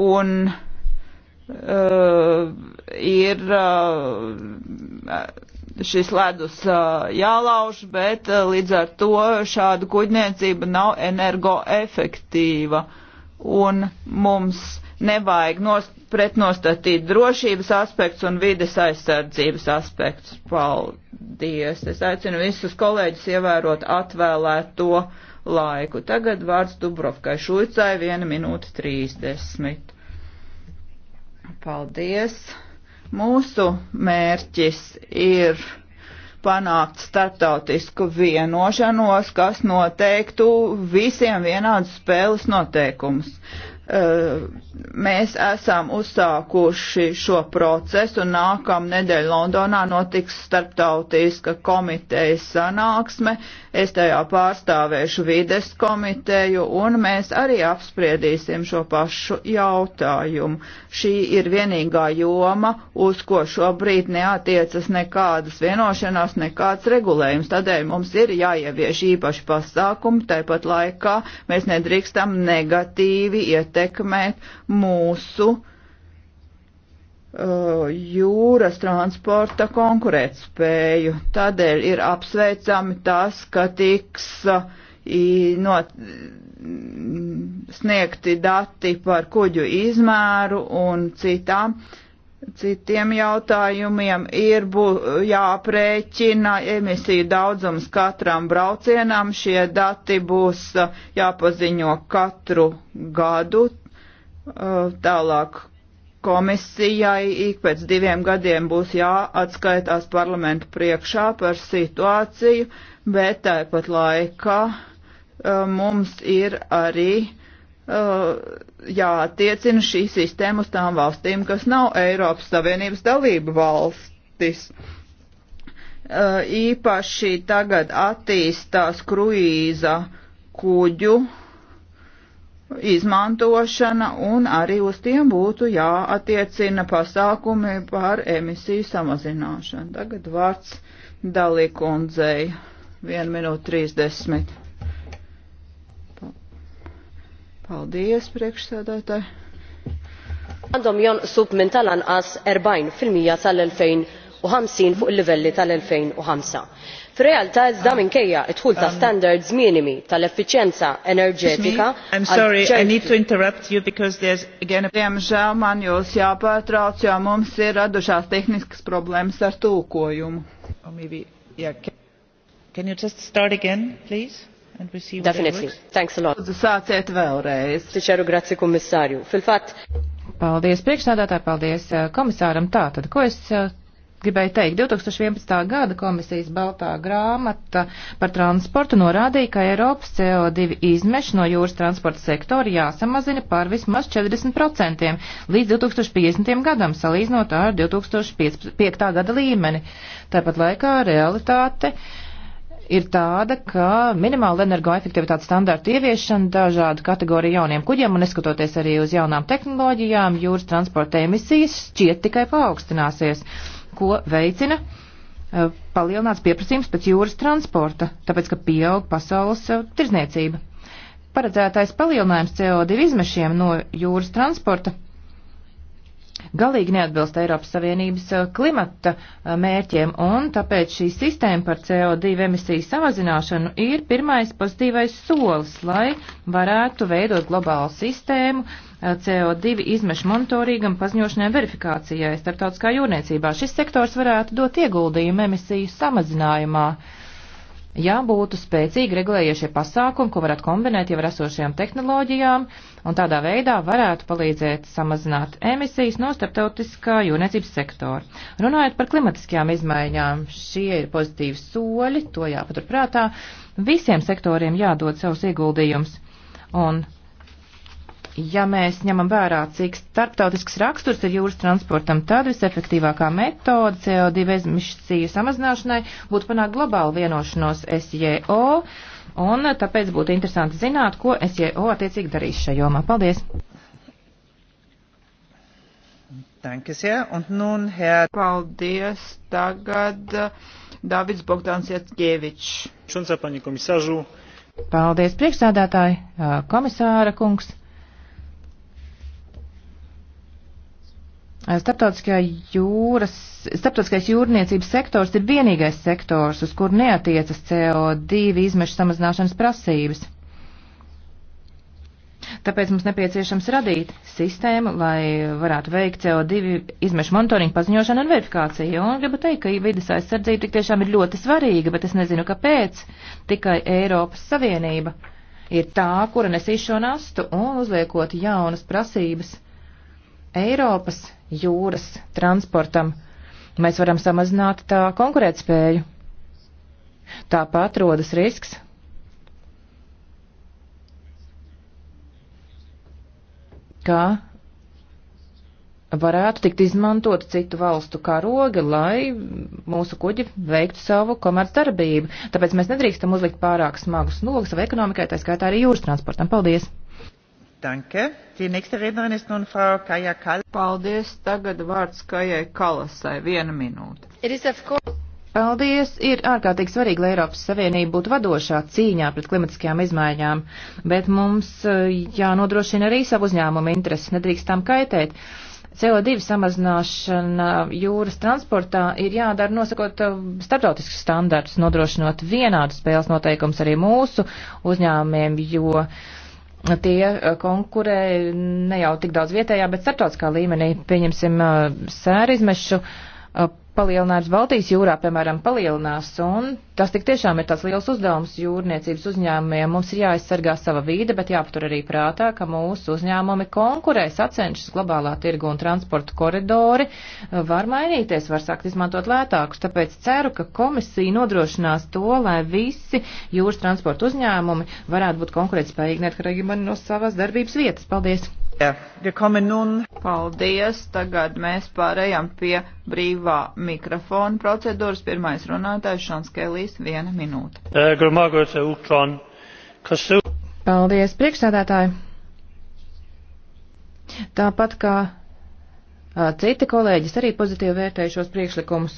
Un uh, ir uh, šis ledus uh, jālauž, bet uh, līdz ar to šāda kuģniecība nav energoefektīva. Un mums nevajag nost pretnostatīt drošības aspekts un vides aizsardzības aspekts. Paldies! Es aicinu visus kolēģus ievērot atvēlēto laiku. Tagad vārds Dubrovkai Šuicai 1 minūte 30. Paldies! Mūsu mērķis ir panākt startautisku vienošanos, kas noteiktu visiem vienādas spēles noteikumus. Uh, mēs esam uzsākuši šo procesu un nākam nedēļ Londonā notiks starptautiska komitejas sanāksme. Es tajā pārstāvēšu vides komiteju un mēs arī apspriedīsim šo pašu jautājumu. Šī ir vienīgā joma, uz ko šobrīd neatiecas nekādas vienošanās, nekāds regulējums. Tādēļ mums ir jāievieš īpaši pasākumi, tāpat laikā mēs nedrīkstam negatīvi ietekmēt mūsu uh, jūras transporta konkurētspēju. Tādēļ ir apsveicami tas, ka tiks uh, no, sniegti dati par kuģu izmēru un citām. Citiem jautājumiem ir bū, jāprēķina emisiju daudzums katram braucienam. Šie dati būs uh, jāpaziņo katru gadu. Eh, tālāk komisijai ik pēc diviem gadiem būs jāatskaitās parlamentu priekšā par situāciju, bet tāpat laikā eh, mums ir arī eh, jātiecina šī sistēma uz tām valstīm, kas nav Eiropas Savienības dalība valstis. Īpaši tagad attīstās kruīza kuģu izmantošana un arī uz tiem būtu jāattiecina pasākumi par emisiju samazināšanu. Tagad vārds Dalikundzei 1 minūte 30. Paldies, priekšsēdētāji. Għandhom jon submental anqas 40% tal-2050 fuq il-livelli tal-2005 fir-realtà iżda minkejja d dħul ta' um, standards minimi tal effiċjenza enerġetika diemžēl man jūs jāpārtrauc jo mums ir radušās tehniskas problēmas ar tulkojumu. Oh, can you just start again, please? and we see Definitely. Thanks a lot. Sāciet vēlreiz. Tiċeru, grazzi kummissārju. Fil-fat. Paldies priekšsādātāji, paldies eh, komisāram. Tātad, ko es eh, gribēju teikt, 2011. gada komisijas baltā grāmata par transportu norādīja, ka Eiropas CO2 izmeši no jūras transporta sektora jāsamazina par vismaz 40% līdz 2050. gadam, salīdzinot ar 2005. gada līmeni. Tāpat laikā realitāte ir tāda, ka minimāla energoefektivitātes standārta ieviešana dažādu kategoriju jauniem kuģiem un neskatoties arī uz jaunām tehnoloģijām, jūras transporta emisijas šķiet tikai paaugstināsies ko veicina eh, palielināts pieprasījums pēc jūras transporta, tāpēc, ka pieaug pasaules eh, tirzniecība. Paredzētais palielinājums CO2 izmešiem no jūras transporta galīgi neatbilst Eiropas Savienības eh, klimata mērķiem, un tāpēc šī sistēma par CO2 emisiju samazināšanu ir pirmais pozitīvais solis, lai varētu veidot globālu sistēmu, uh, CO2 izmešu monitoringam, paziņošanai un verifikācijai starptautiskā jūrniecībā. Šis sektors varētu dot ieguldījumu emisiju samazinājumā. Ja būtu spēcīgi regulējušie pasākumi, ko varētu kombinēt jau ar esošajām tehnoloģijām, un tādā veidā varētu palīdzēt samazināt emisijas no starptautiskā jūrniecības sektora. Runājot par klimatiskajām izmaiņām, šie ir pozitīvi soļi, to jāpaturprātā. Visiem sektoriem jādod savus ieguldījumus. Un ja mēs ņemam vērā, cik starptautisks raksturs ir jūras transportam, tad visefektīvākā metode CO2 emisiju samazināšanai būtu panākt globālu vienošanos SJO, un tāpēc būtu interesanti zināt, ko SJO attiecīgi darīs šajā jomā. Paldies! Paldies! Tagad uh, Davids Bogdāns Jatkevičs. Paldies, priekšsādātāji, uh, komisāra kungs! Jūras, starptautiskais jūrniecības sektors ir vienīgais sektors, uz kur neatiecas CO2 izmešu samazināšanas prasības. Tāpēc mums nepieciešams radīt sistēmu, lai varētu veikt CO2 izmešu monitoringu paziņošanu un verifikāciju. Un gribu teikt, ka vidas aizsardzība tik tiešām ir ļoti svarīga, bet es nezinu, kāpēc tikai Eiropas Savienība ir tā, kura nesīs šo nastu un uzliekot jaunas prasības Eiropas jūras transportam, mēs varam samazināt tā konkurētspēju. Tāpat rodas risks. ka varētu tikt izmantot citu valstu karogi, lai mūsu kuģi veiktu savu komercdarbību. Tāpēc mēs nedrīkstam uzlikt pārāk smagus slogus savu ekonomikai, tā skaitā arī jūras transportam. Paldies! Danke. Die nächste Rednerin ist nun Frau Kaja Kallas. Paldies. Tagad vārds Kajai Kalasai. Viena minūte. It is of course. Paldies! Ir ārkārtīgi svarīgi, lai Eiropas Savienība būtu vadošā cīņā pret klimatiskajām izmaiņām, bet mums eh, jānodrošina arī savu uzņēmumu intereses, nedrīkst tam kaitēt. CO2 samazināšana jūras transportā ir jādara nosakot eh, starptautiskus standartus, nodrošinot vienādus spēles noteikums arī mūsu uzņēmumiem, jo uh, tie eh, konkurē ne jau tik daudz vietējā, bet starptautiskā līmenī. Pieņemsim eh, sēra izmešu eh, palielinājums Baltijas jūrā, piemēram, palielinās, un tas tik tiešām ir tāds liels uzdevums jūrniecības uzņēmumiem. Mums ir jāaizsargā sava vīde, bet jāpatur arī prātā, ka mūsu uzņēmumi konkurē, sacenšas globālā tirgu un transporta koridori var mainīties, var sākt izmantot lētākus. Tāpēc ceru, ka komisija nodrošinās to, lai visi jūras transporta uzņēmumi varētu būt konkurētspējīgi neatkarīgi no savas darbības vietas. Paldies! Paldies. Tagad mēs pārējām pie brīvā mikrofona procedūras. Pirmais runātājs Šons Kēlīs, viena minūte. Eh, Paldies, priekšsēdētāji. Tāpat kā citi kolēģis arī pozitīvi vērtēja šos priekšlikumus.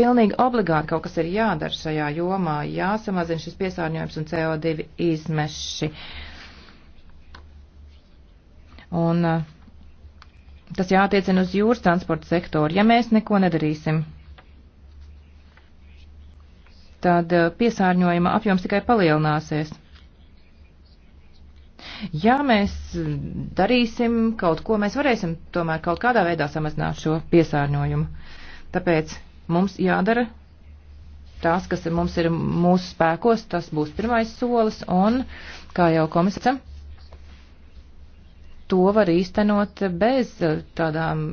Pilnīgi obligāti kaut kas ir jādara šajā jomā, jāsamazina šis piesārņojums un CO2 izmeši. Uh, Un uh, tas jātiecina uz jūras transporta sektoru. Ja mēs neko nedarīsim, tad uh, piesārņojuma apjoms tikai palielināsies. Ja mēs darīsim kaut ko, mēs varēsim tomēr kaut kādā veidā samazināt šo piesārņojumu. Tāpēc mums jādara tas, kas mums ir mūsu spēkos, tas būs pirmais solis, un, kā jau komisārs to var īstenot bez eh, tādām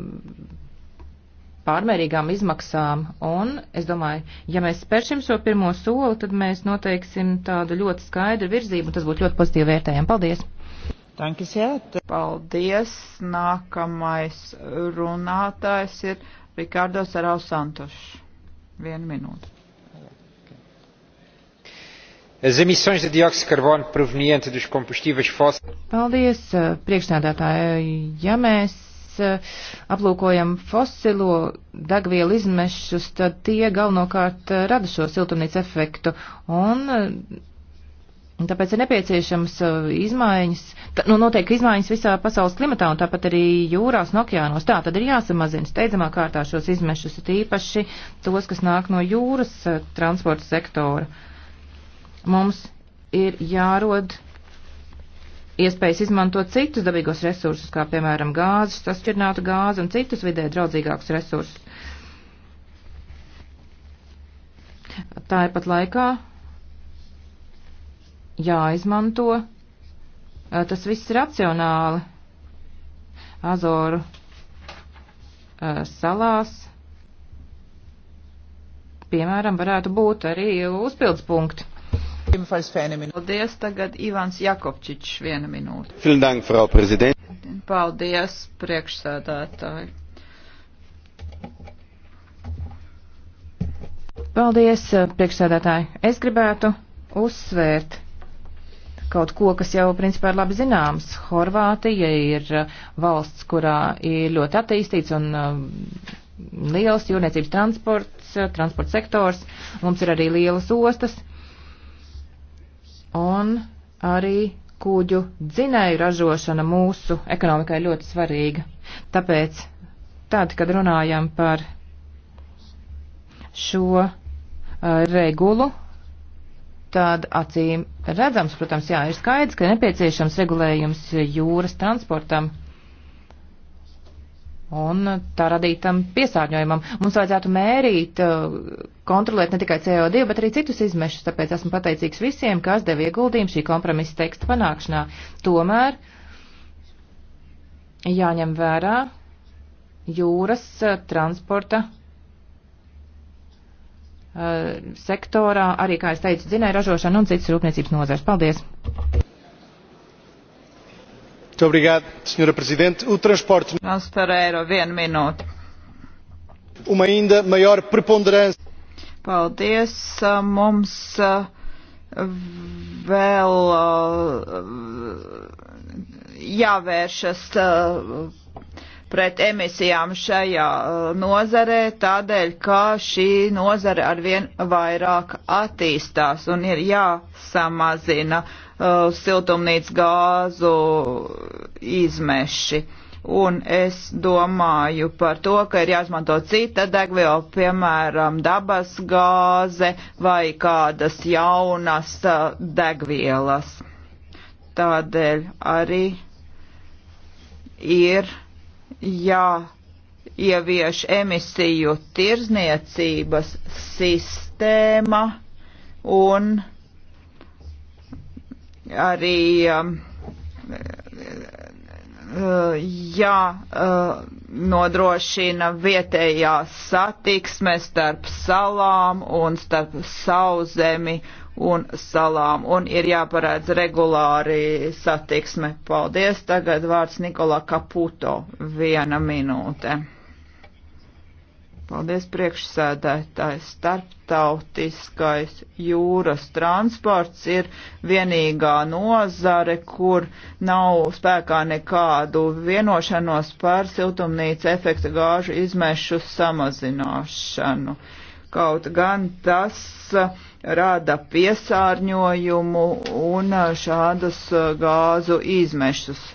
pārmērīgām izmaksām. Un es domāju, ja mēs spēršim šo pirmo soli, tad mēs noteiksim tādu ļoti skaidru virzību, un tas būtu ļoti pozitīvi vērtējami. Paldies! Tankis, jā, paldies! Nākamais runātājs ir Rikārdo Sarau Santošs. Vienu minūti. As emissões de dióxido de carbono proveniente dos combustíveis fósseis. Paldies, eh, priekšstādātāji. Ja mēs eh, aplūkojam fosilo degvielu izmešus, tad tie galvenokārt eh, rada šo siltumnīca efektu. Un Tāpēc ir nepieciešams izmaiņas, nu noteikti izmaiņas visā pasaules klimatā un tāpat arī jūrās un okeānos. Tā tad ir jāsamazina steidzamā kārtā šos izmešus, tīpaši tos, kas nāk no jūras transporta sektora. Uh, Mums ir jārod iespējas izmantot citus dabīgos resursus, kā piemēram gāzes, sašķirnātu gāzi un citus vidē draudzīgākus resursus. Tāpat laikā jāizmanto tas viss racionāli. Azoru salās, piemēram, varētu būt arī uzpildes punkti. Paldies, tagad Ivans Jakovčičs viena minūte. Paldies, priekšsēdētāji. Paldies, priekšsēdētāji. Es gribētu uzsvērt kaut ko, kas jau principā ir labi zināms. Horvātija ir uh, valsts, kurā ir ļoti attīstīts un uh, liels jūrniecības transports, uh, transports sektors. Mums ir arī lielas ostas un arī kuģu dzinēju ražošana mūsu ekonomikai ļoti svarīga. Tāpēc tad, kad runājam par šo uh, regulu, tad acīm redzams, protams, jā, ir skaidrs, ka nepieciešams regulējums jūras transportam un tā radītam piesārņojumam. Mums vajadzētu mērīt, uh, kontrolēt ne tikai CO2, bet arī citus izmešus, tāpēc esmu pateicīgs visiem, kas deva ieguldījumu šī kompromisa teksta panākšanā. Tomēr jāņem vērā jūras uh, transporta uh, sektorā, arī, kā es teicu, dzinēja ražošana un citas rūpniecības nozars. Paldies! o transporte uma ainda maior preponderância. Paldies, mums vēl jāvēršas pret emisijām šajā nozarē, tādēļ, ka šī nozare arvien vairāk attīstās un ir jāsamazina uh, uh, siltumnīcas gāzu izmeši. Un es domāju par to, ka ir jāizmanto cita degviela, piemēram, dabas gāze vai kādas jaunas uh, degvielas. Tādēļ arī ir jā. Ja ievieš emisiju tirzniecības sistēma un arī um, uh, jānodrošina uh, vietējā satiksme starp salām un starp sauzemi un salām, un ir jāparēdz regulāri satiksme. Paldies, tagad vārds Nikola Kaputo, viena minūte. Paldies priekšsēdētājs. Starptautiskais jūras transports ir vienīgā nozare, kur nav spēkā nekādu vienošanos par siltumnīca efekta gāžu izmešu samazināšanu. Kaut gan tas rada piesārņojumu un šādas gāzu izmešus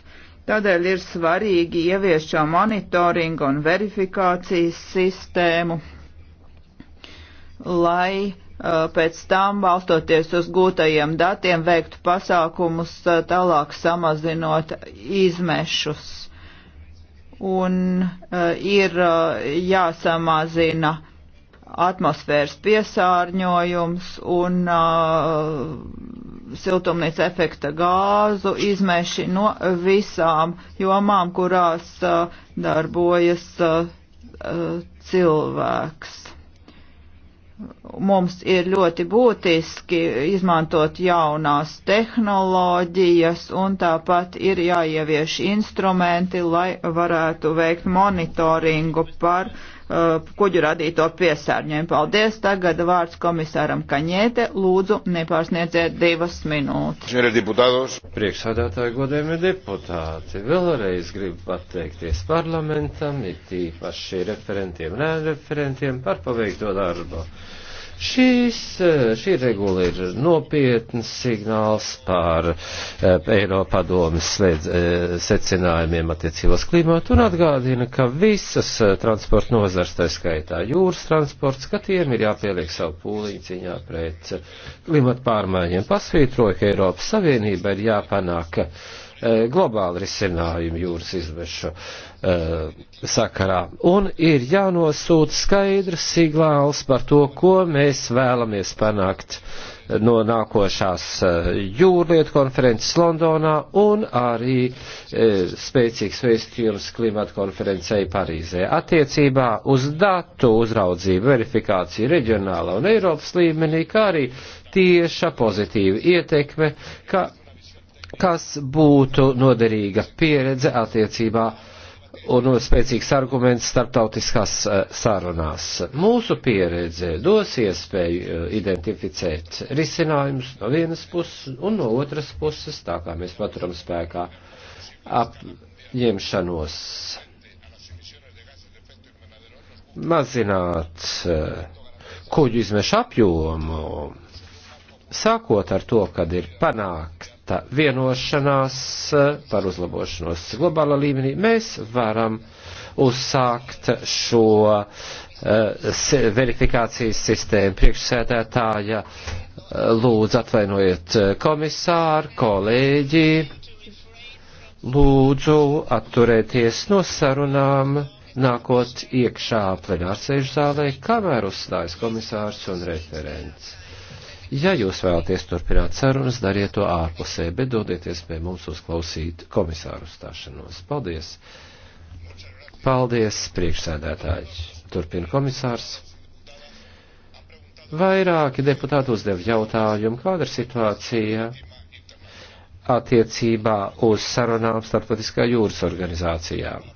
Tādēļ ir svarīgi ieviest šo monitoringu un verifikācijas sistēmu, lai uh, pēc tam, balstoties uz gūtajiem datiem, veiktu pasākumus uh, tālāk samazinot izmešus. Un uh, ir jāsamazina atmosfēras piesārņojums un uh, siltumnīca efekta gāzu izmeši no visām jomām, kurās uh, darbojas uh, uh, cilvēks. Mums ir ļoti būtiski izmantot jaunās tehnoloģijas un tāpat ir jāievieš instrumenti, lai varētu veikt monitoringu par uh, Uh, kuģu radīto piesārņojumu. Paldies! Tagad vārds komisāram Kaņēte. Lūdzu, nepārsniedziet divas minūtes. Priekšsādātāji, godējumi deputāti, vēlreiz gribu pateikties parlamentam, it īpaši referentiem, nē referentiem par paveikto darbu. Šis, eh, šī regula ir nopietns signāls par eh, Eiropadomes eh, secinājumiem attiecībos klimatu un atgādina, ka visas transporta nozars, tā skaitā jūras transports, ka tiem ir jāpieliek savu pūliņu ciņā pret klimatu pārmaiņiem. Pasvītroja, ka Eiropas Savienība ir jāpanāk globāli risinājumu jūras izvešu Uh, sakarā. Un ir jānosūta skaidrs signāls par to, ko mēs vēlamies panākt no nākošās uh, jūrlietu konferences Londonā un arī uh, spēcīgs vēstījums klimata konferencei Parīzē. Attiecībā uz datu uzraudzību, verifikāciju reģionāla un Eiropas līmenī, kā arī tieša pozitīva ietekme, ka, kas būtu noderīga pieredze attiecībā un spēcīgs arguments starptautiskās eh, sarunās. Mūsu pieredze dos iespēju eh, identificēt risinājumus no vienas puses un no otras puses, tā kā mēs paturam spēkā apņemšanos mazināt eh, kuģu izmešu apjomu, sākot ar to, kad ir panākt panākta vienošanās eh, par uzlabošanos globālā līmenī, mēs varam uzsākt šo uh, verifikācijas sistēmu priekšsēdētāja eh, lūdzu atvainojiet komisāru, kolēģi, lūdzu atturēties no sarunām, nākot iekšā plenārsēžu zālē, kamēr uzstājas komisārs un referents. Ja jūs vēlaties turpināt sarunas, dariet to ārpusē, bet dodieties pie mums uzklausīt komisāru stāšanos. Paldies! Paldies, priekšsēdētāji! Turpina komisārs. Vairāki deputāti uzdev jautājumu, kāda ir situācija attiecībā uz sarunām starptautiskā jūras organizācijām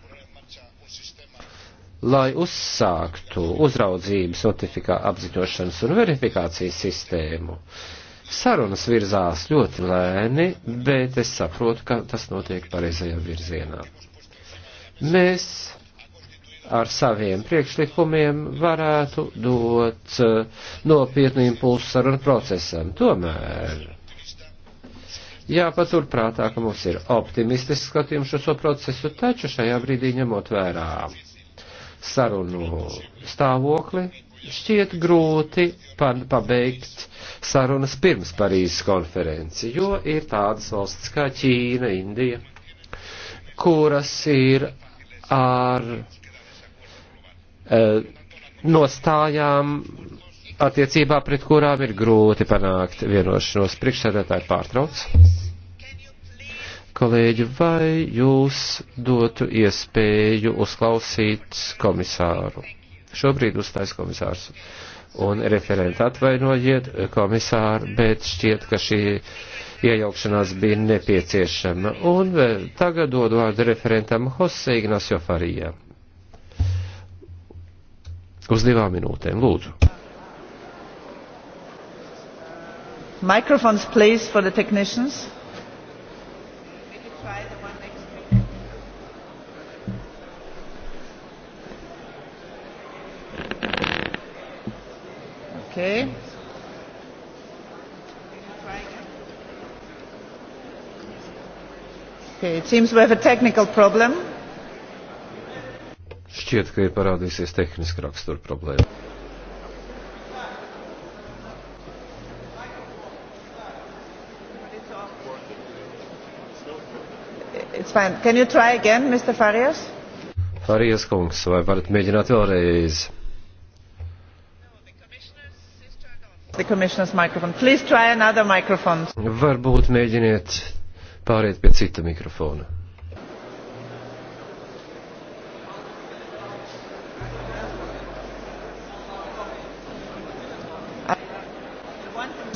lai uzsāktu uzraudzības notifikā apziņošanas un verifikācijas sistēmu. Sarunas virzās ļoti lēni, bet es saprotu, ka tas notiek pareizajā virzienā. Mēs ar saviem priekšlikumiem varētu dot eh, nopietnu impulsu sarunu procesam. Tomēr jāpatur prātā, ka mums ir optimistisks skatījums šo procesu, taču šajā brīdī ņemot vērā sarunu stāvokli, šķiet grūti pabeigt sarunas pirms Parīzes konferenci, jo ir tādas valstis kā Ķīna, Indija, kuras ir ar e, nostājām attiecībā pret kurām ir grūti panākt vienošanos. Priekšsēdētāji pārtrauc. Kolēģi, vai jūs dotu iespēju uzklausīt komisāru? Šobrīd uzstājas komisārs un referenta atvainojiet komisāru, bet šķiet, ka šī iejaukšanās bija nepieciešama. Un eh, tagad dodu vārdu referentam Jose Ignacio Farijā. Uz divām minūtēm, lūdzu. Microphones, please, for the technicians. Okay. Okay, it seems we have a technical problem. Šķiet, ka ir parādīsies tehniska rakstura problēma. It's fine. Can you try again, Mr. Farias? Farias kungs, vai varat mēģināt vēlreiz? Varbūt mēģiniet pāriet pie cita mikrofona.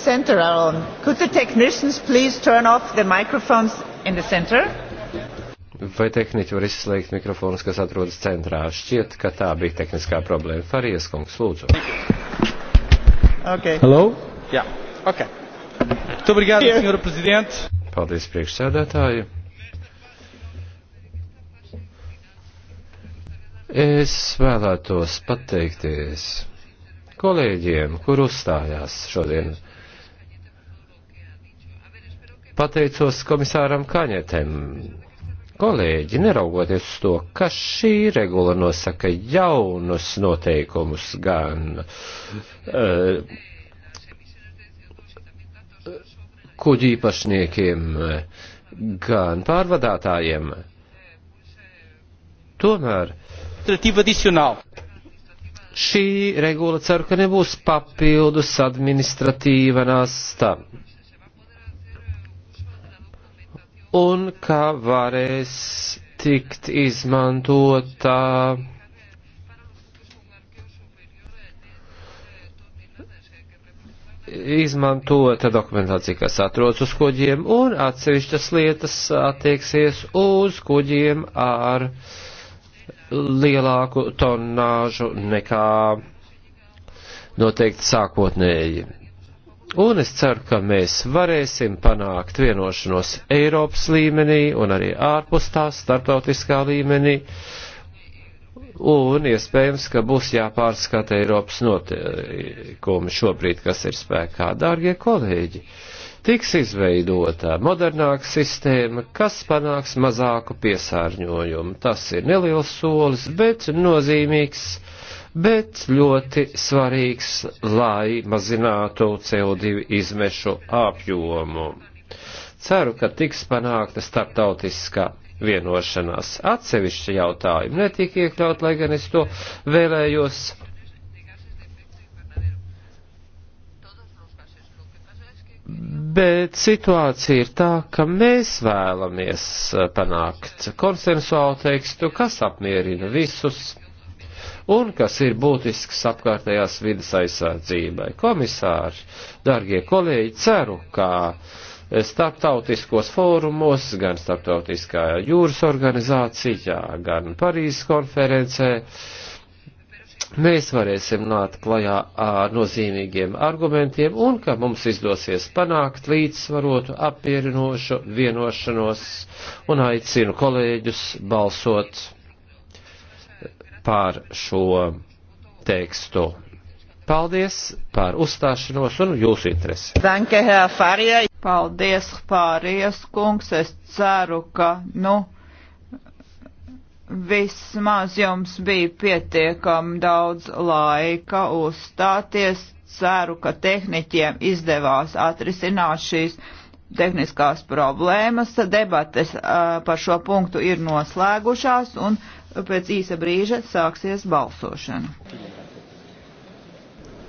center are on. Could the technicians please turn off the microphones in the center? Vai tehniķi var izslēgt mikrofonus, kas atrodas centrā? Šķiet, ka tā bija tehniskā problēma. Farijas kungs, lūdzu. Thank you. Okay. Hello? Jā, ok. Muito obrigado, yeah. senhora presidente. Paldies, priekšsēdētāji. Es vēlētos pateikties kolēģiem, kur uzstājās šodien. Pateicos komisāram Kaņetem Kolēģi, neraugoties uz to, ka šī regula nosaka jaunus noteikumus gan uh, eh, kuģi īpašniekiem, gan pārvadātājiem, tomēr šī regula ceru, ka nebūs papildus administratīva nasta un ka varēs tikt izmantota izmantota dokumentācija, kas atrodas uz kuģiem, un atsevišķas lietas attieksies uz kuģiem ar lielāku tonnāžu nekā noteikti sākotnēji. Un es ceru, ka mēs varēsim panākt vienošanos Eiropas līmenī un arī ārpus tās starptautiskā līmenī. Un iespējams, ka būs jāpārskata Eiropas noteikumi šobrīd, kas ir spēkā. Dārgie kolēģi, tiks izveidota modernāka sistēma, kas panāks mazāku piesārņojumu. Tas ir neliels solis, bet nozīmīgs bet ļoti svarīgs, lai mazinātu CO2 izmešu apjomu. Ceru, ka tiks panākta starptautiskā vienošanās. Atsevišķi jautājumi netika iekļaut, lai gan es to vēlējos. Bet situācija ir tā, ka mēs vēlamies panākt konsensuālu tekstu, kas apmierina visus un kas ir būtisks apkārtējās vidas aizsardzībai. Komisāri, dargie kolēģi, ceru, ka starptautiskos fórumos, gan starptautiskā jūras organizācijā, gan Parīzes konferencē, mēs varēsim nākt klajā ar nozīmīgiem argumentiem un ka mums izdosies panākt līdzsvarotu apmierinošu vienošanos un aicinu kolēģus balsot par šo tekstu. Paldies par uzstāšanos un jūsu interesi. Danke, Herr Fārija. Paldies, Fārijas kungs. Es ceru, ka, nu, vismaz jums bija pietiekam daudz laika uzstāties. Ceru, ka tehniķiem izdevās atrisināt šīs tehniskās problēmas. Debates uh, par šo punktu ir noslēgušās un pēc īsa brīža sāksies balsošana.